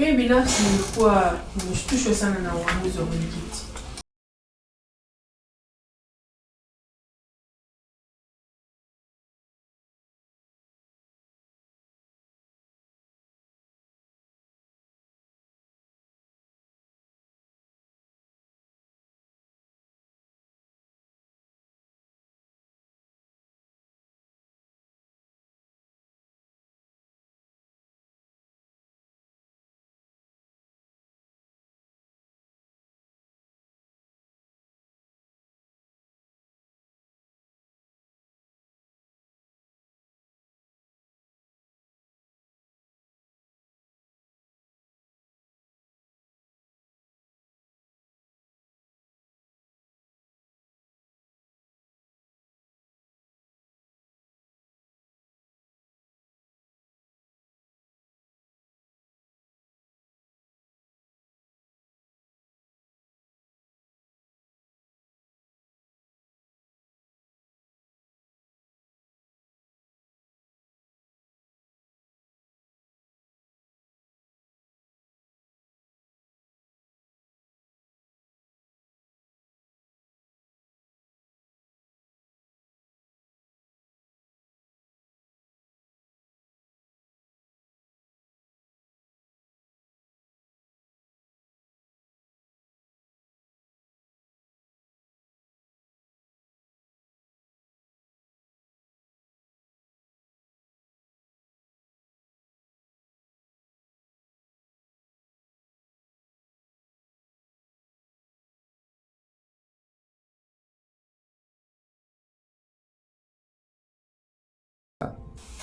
Mimi binafsi nilikuwa nimeshtushwa sana na uamuzi wa mwenyekiti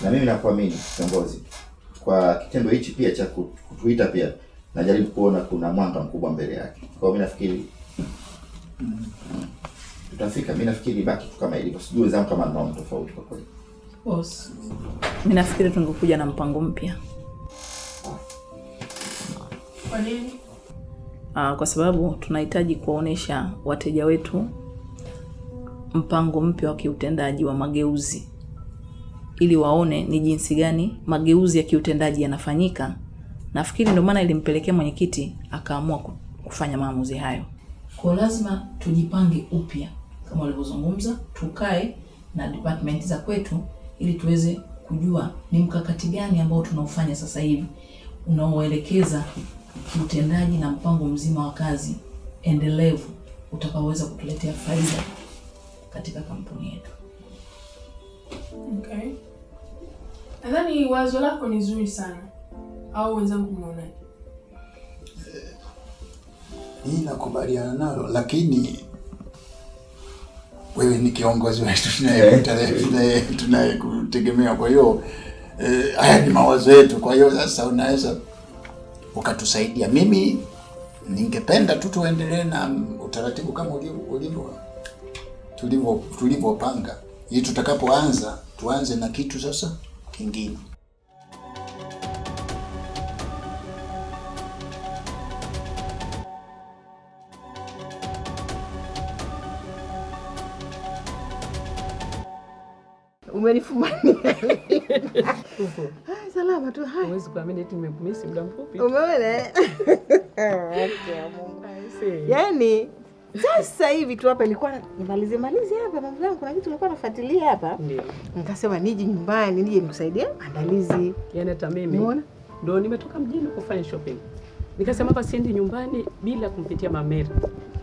na mimi nakuamini kiongozi, kwa kitendo hichi pia cha kutuita pia najaribu kuona kuna mwanga mkubwa mbele yake. Kwa hiyo mimi nafikiri mm, tutafika. Mimi nafikiri baki tu kama ilivyo, sijui zangu kama naona tofauti kwa kweli. Boss, mimi nafikiri tungekuja na mpango mpya. Kwa nini? Ah, kwa sababu tunahitaji kuwaonesha wateja wetu mpango mpya wa kiutendaji wa mageuzi ili waone ni jinsi gani mageuzi ya kiutendaji yanafanyika. Nafikiri ndio maana ilimpelekea mwenyekiti akaamua kufanya maamuzi hayo. Kwa lazima tujipange upya kama walivyozungumza, tukae na department za kwetu ili tuweze kujua ni mkakati gani ambao tunaofanya sasa hivi unaoelekeza kiutendaji na mpango mzima wa kazi endelevu utakaoweza kutuletea faida katika kampuni yetu. Okay. Nadhani wazo lako ni zuri sana, au wenzangu mnaonaje? Mimi nakubaliana nalo, lakini wewe ni kiongozi wetu tunayekutegemea, eh. kwa hiyo eh, haya ni mawazo yetu. Kwa hiyo sasa unaweza ukatusaidia. Mimi ningependa tu tuendelee na utaratibu kama ulivyo tulivyopanga, ili tutakapoanza tuanze na kitu sasa kingine. Umenifumania salama tu, huwezi kuamini eti nimekumisi muda mfupi, umeona? Eh? Yaani sasa hivi tu hapa ilikuwa nimalize malize hapa mambo yangu, kuna kitu nilikuwa nafuatilia hapa, nikasema niji nyumbani nije nikusaidie maandalizi. Yaani hata mimi unaona, ndio nimetoka mjini kufanya shopping, nikasema hapa siendi nyumbani bila kumpitia mamera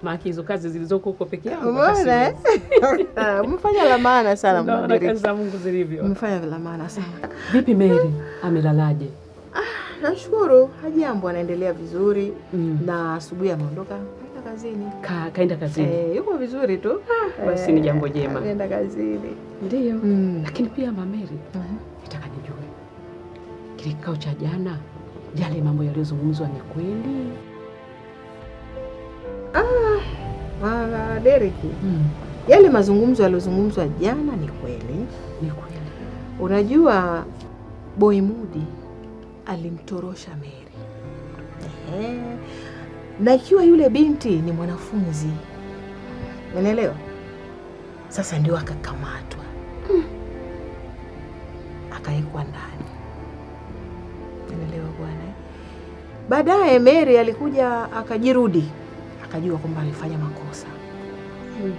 maki hizo kazi zilizoko huko peke yao. Unaona, mfanya la maana sana Mama, kazi za Mungu zilivyo, mfanya la maana sana. Vipi Mary, amelalaje? Ah, nashukuru hajambo, anaendelea vizuri mm. na asubuhi ameondoka kazini. Ka, kaenda kazini eh, yuko vizuri tu ah, basi ni jambo jema. Kaenda kazini ndio. mm. Lakini pia mameri uh-huh. nitaka uh -huh. nijue kile kikao cha jana, yale mambo yaliyozungumzwa ni kweli? Ah, Derek mm. yale mazungumzo yaliyozungumzwa jana ni kweli, ni kweli. Unajua Boy Mudi alimtorosha Mary na ikiwa yule binti ni mwanafunzi, umeelewa? Sasa ndio akakamatwa, hmm, akawekwa ndani, umeelewa bwana. Baadaye Mary alikuja akajirudi, akajua kwamba alifanya makosa, hmm,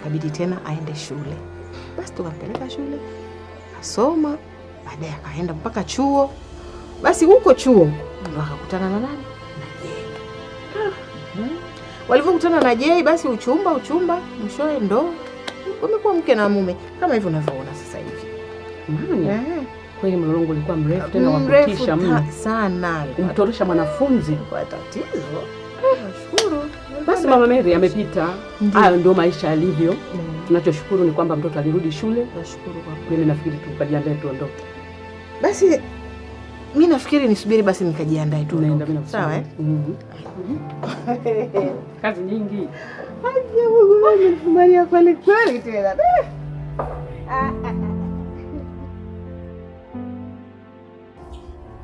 akabidi tena aende shule. Basi tukampeleka shule asoma, baadaye akaenda mpaka chuo. Basi huko chuo ndo akakutana na nani Hmm? Walivyokutana na Jei basi uchumba uchumba, mshoe ndo wamekuwa mke na mume kama hivyo unavyoona sasa hivi. Kweli mlolongo ulikuwa mrefu tena wakutisha mno sana, umtorosha mwanafunzi kwa tatizo. Nashukuru ah, basi Mama Mary amepita, hayo ndio maisha yalivyo. Mm. Tunachoshukuru ni kwamba mtoto alirudi shule. Nashukuru kwa kweli, nafikiri tukajiandae tuondoke basi mi nafikiri nisubiri basi nikajiandae tu. Naenda mimi sawa eh? Mm-hmm. Kazi nyingi. Aje Mungu wangu nifumalia kweli kweli tena.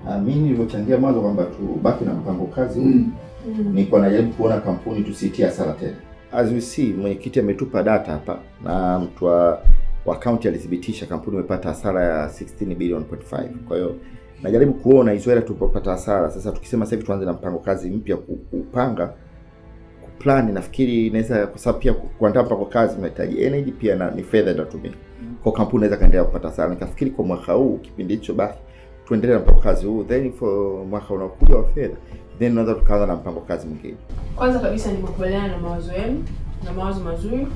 Ah, mimi nilivyochangia mwanzo kwamba tubaki na mpango kazi huu. Mm. Mm. Nilikuwa najaribu kuona kampuni tusitie hasara tena. As we see, mwenyekiti ametupa data hapa na mtu wa kaunti alithibitisha kampuni imepata hasara ya 16 bilioni 5. Kwa hiyo najaribu kuona hizo hela tulipopata hasara. Sasa tukisema sasa hivi tuanze na mpango kazi mpya, kupanga kuplan, nafikiri inaweza, kwa sababu pia kuandaa mpango kazi unahitaji energy pia na ni fedha inatumia mm. kwa kampuni, inaweza kaendelea kupata hasara. Nikafikiri kwa mwaka huu kipindi hicho, basi tuendelee na mpango kazi huu, then for mwaka unaokuja wa fedha, then unaweza tukaanza na mpango kazi mwingine. Kwanza kabisa ni kukubaliana na mawazo yenu na mawazo mazuri,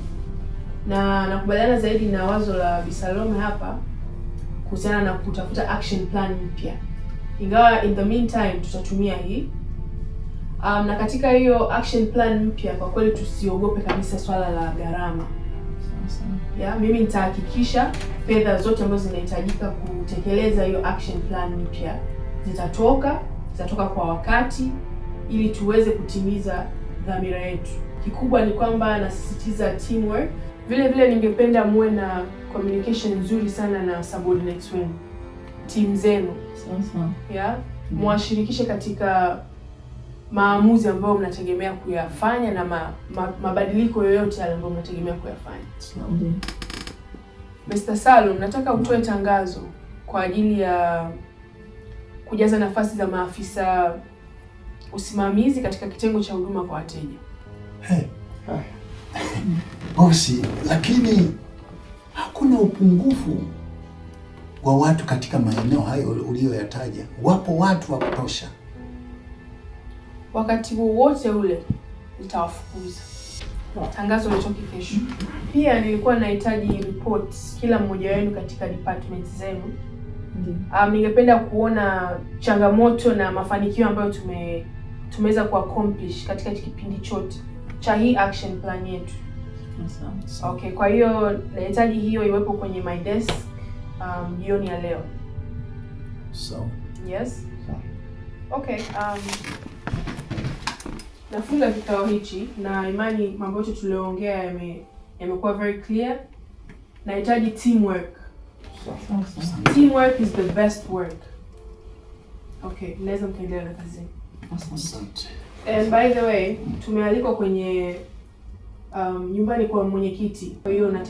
na nakubaliana zaidi na wazo la Bisalome hapa kuhusiana na kutafuta action plan mpya, ingawa in the meantime tutatumia hii um, na katika hiyo action plan mpya, kwa kweli tusiogope kabisa swala la gharama. Yeah, mimi nitahakikisha fedha zote ambazo zinahitajika kutekeleza hiyo action plan mpya zitatoka, zitatoka kwa wakati ili tuweze kutimiza dhamira yetu. Kikubwa ni kwamba nasisitiza teamwork vile vile ningependa muwe na communication nzuri sana na subordinates wenu, timu zenu yeah? Mwashirikishe katika maamuzi ambayo mnategemea kuyafanya na ma, ma, mabadiliko yoyote yale ambayo mnategemea kuyafanya. Mr. Salum, nataka utoe tangazo kwa ajili ya kujaza nafasi za maafisa usimamizi katika kitengo cha huduma kwa wateja. Hey. Mm bosi, lakini hakuna upungufu wa watu katika maeneo hayo uliyoyataja. Wapo watu wa kutosha. Wakati wowote ule nitawafukuza. Tangazo litoke kesho. Pia nilikuwa nahitaji reports kila mmoja wenu katika department zenu. Um, ningependa kuona changamoto na mafanikio ambayo tume tumeweza kuaccomplish katika kipindi chote cha hii action plan yetu. Sawa. Okay, kwa hiyo nahitaji hiyo iwepo kwenye my desk jioni um, ya leo. So. Yes. Okay, um, nafunga kikao hichi na imani mambo yote tuliyoongea yame- yamekuwa very clear. Nahitaji teamwork. Teamwork is the best work. Okay, naweza mkaendelea na kazi. And by the way, tumealikwa kwenye um, nyumbani kwa mwenyekiti, kwa hiyo